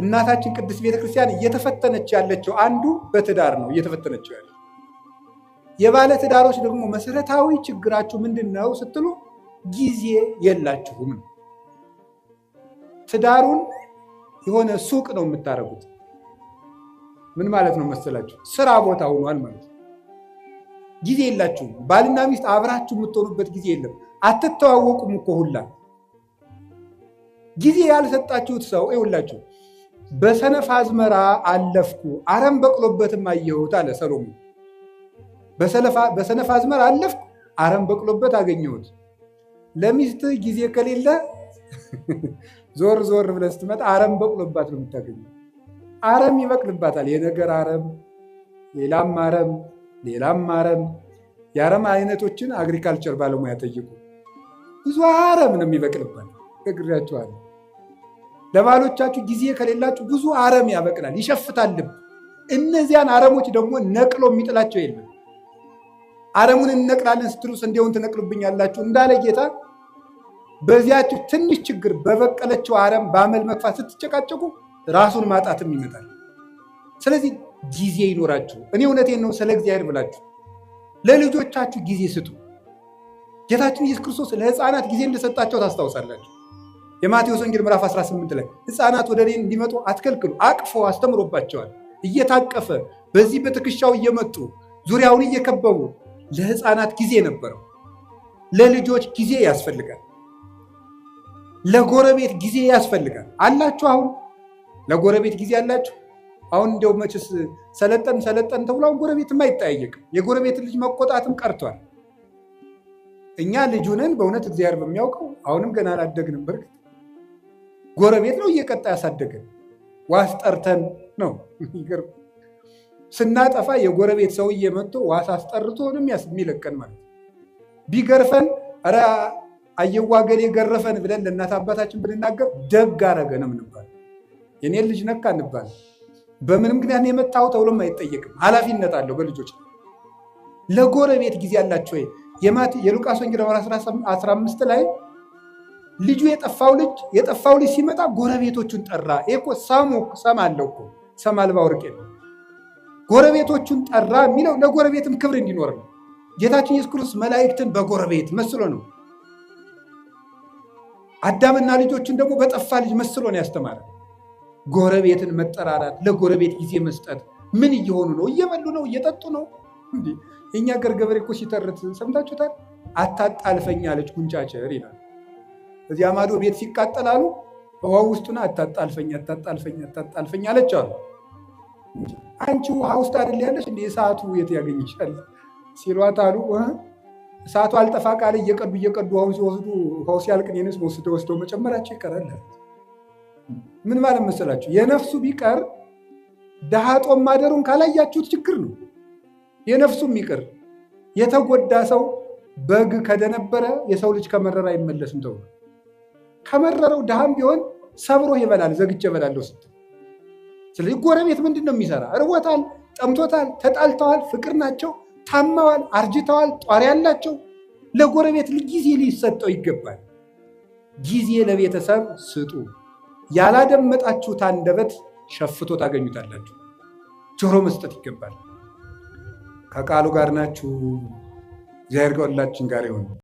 እናታችን ቅድስት ቤተክርስቲያን እየተፈተነች ያለችው አንዱ በትዳር ነው እየተፈተነችው ያለ የባለ ትዳሮች ደግሞ መሰረታዊ ችግራችሁ ምንድን ነው ስትሉ ጊዜ የላችሁም ነው። ትዳሩን የሆነ ሱቅ ነው የምታደርጉት። ምን ማለት ነው መሰላችሁ? ስራ ቦታ ሆኗል ማለት ነው። ጊዜ የላችሁም። ባልና ሚስት አብራችሁ የምትሆኑበት ጊዜ የለም። አትተዋወቁም እኮ ሁላ ጊዜ ያልሰጣችሁት ሰው ይውላችሁ በሰነፍ አዝመራ አለፍኩ አረም በቅሎበትም አየሁት አለ ሰሎሞን። በሰነፍ አዝመራ አለፍኩ አረም በቅሎበት አገኘሁት። ለሚስት ጊዜ ከሌለ ዞር ዞር ብለህ ስትመጣ አረም በቅሎባት ነው የምታገኘው። አረም ይበቅልባታል። የነገር አረም፣ ሌላም አረም፣ ሌላም አረም። የአረም አይነቶችን አግሪካልቸር ባለሙያ ጠይቁ። ብዙ አረም ነው የሚበቅልባት። ነግሬያቸዋለሁ። ለባሎቻችሁ ጊዜ ከሌላችሁ ብዙ አረም ያበቅላል፣ ይሸፍታልም። እነዚያን አረሞች ደግሞ ነቅሎ የሚጥላቸው የለም። አረሙን እንነቅላለን ስትሉ ስንዴውን ትነቅሉብኛላችሁ እንዳለ ጌታ በዚያችሁ ትንሽ ችግር በበቀለችው አረም በአመል መግፋት ስትጨቃጨቁ ራሱን ማጣትም ይመጣል። ስለዚህ ጊዜ ይኖራችሁ። እኔ እውነቴን ነው። ስለ እግዚአብሔር ብላችሁ ለልጆቻችሁ ጊዜ ስጡ። ጌታችን ኢየሱስ ክርስቶስ ለሕፃናት ጊዜ እንደሰጣቸው ታስታውሳላችሁ። የማቴዎስ ወንጌል ምዕራፍ 18 ላይ ህፃናት ወደ እኔ እንዲመጡ አትከልክሉ፣ አቅፎ አስተምሮባቸዋል። እየታቀፈ በዚህ በትከሻው እየመጡ ዙሪያውን እየከበቡ ለህፃናት ጊዜ ነበረው። ለልጆች ጊዜ ያስፈልጋል። ለጎረቤት ጊዜ ያስፈልጋል። አላችሁ? አሁን ለጎረቤት ጊዜ አላችሁ? አሁን እንደው መችስ ሰለጠን ሰለጠን ተብሎ አሁን ጎረቤትም አይጠያየቅም። የጎረቤት ልጅ መቆጣትም ቀርቷል። እኛ ልጁንን በእውነት እግዚአብሔር በሚያውቀው አሁንም ገና አላደግንም በርግጥ ጎረቤት ነው እየቀጣ ያሳደገን። ዋስ ጠርተን ነው ስናጠፋ የጎረቤት ሰውዬ እየመጥቶ ዋስ አስጠርቶንም የሚለቀን ማለት ቢገርፈን ኧረ አየዋ ብለን ለእናት አባታችን ብንናገር ደግ አረገ ነው ምንባል። የኔ ልጅ ነካ እንባል። በምን ምክንያት የመታው ተብሎም አይጠየቅም። ኃላፊነት አለው በልጆች ለጎረቤት ጊዜ አላቸው። የሉቃስ ወንጌል 15 ላይ ልጁ የጠፋው ልጅ የጠፋው ልጅ ሲመጣ ጎረቤቶቹን ጠራ። ኮ ሰሙ ሰማ አለው ኮ ሰማ አልባ ወርቅ ነው። ጎረቤቶቹን ጠራ የሚለው ለጎረቤትም ክብር እንዲኖር ነው። ጌታችን ኢየሱስ ክርስቶስ መላእክትን በጎረቤት መስሎ ነው፣ አዳምና ልጆችን ደግሞ በጠፋ ልጅ መስሎ ነው ያስተማረ። ጎረቤትን መጠራራት፣ ለጎረቤት ጊዜ መስጠት። ምን እየሆኑ ነው? እየበሉ ነው? እየጠጡ ነው? እኛ ገር ገበሬ እኮ ሲተርት ሰምታችሁታል። አታጣልፈኝ አለች ጉንጫ ጭር ይላል። እዚያ ማዶ ቤት ሲቃጠላሉ ውሃ ውስጡን አታጣልፈኝ አታጣልፈኝ አታጣልፈኝ አለች አሉ። አንቺ ውሃ ውስጥ አይደል ያለች እንደ እሳቱ የት ያገኝሻል ሲሏት አሉ እሳቱ አልጠፋ ቃል እየቀዱ እየቀዱ ውሃውን ሲወስዱ ውሃው ሲያልቅ እኔንስ ወስደው ወስደው መጨመራቸው ይቀራል። ምን ማለት መሰላችሁ? የነፍሱ ቢቀር ድሃ ጦም ማደሩን ካላያችሁት ችግር ነው። የነፍሱም ይቅር የተጎዳ ሰው በግ ከደነበረ የሰው ልጅ ከመረረ አይመለስም ተብሏል። ከመረረው ድሃም ቢሆን ሰብሮ ይበላል፣ ዘግቼ እበላለሁ ስትል። ስለዚህ ጎረቤት ምንድን ነው የሚሰራ? እርቦታል፣ ጠምቶታል፣ ተጣልተዋል፣ ፍቅር ናቸው፣ ታማዋል፣ አርጅተዋል፣ ጧሪ ያላቸው። ለጎረቤት ጊዜ ሊሰጠው ይገባል። ጊዜ ለቤተሰብ ስጡ። ያላደመጣችሁት አንደበት ሸፍቶ ታገኙታላችሁ። ጆሮ መስጠት ይገባል። ከቃሉ ጋር ናችሁ። እግዚአብሔር ከሁላችን ጋር ይሁን።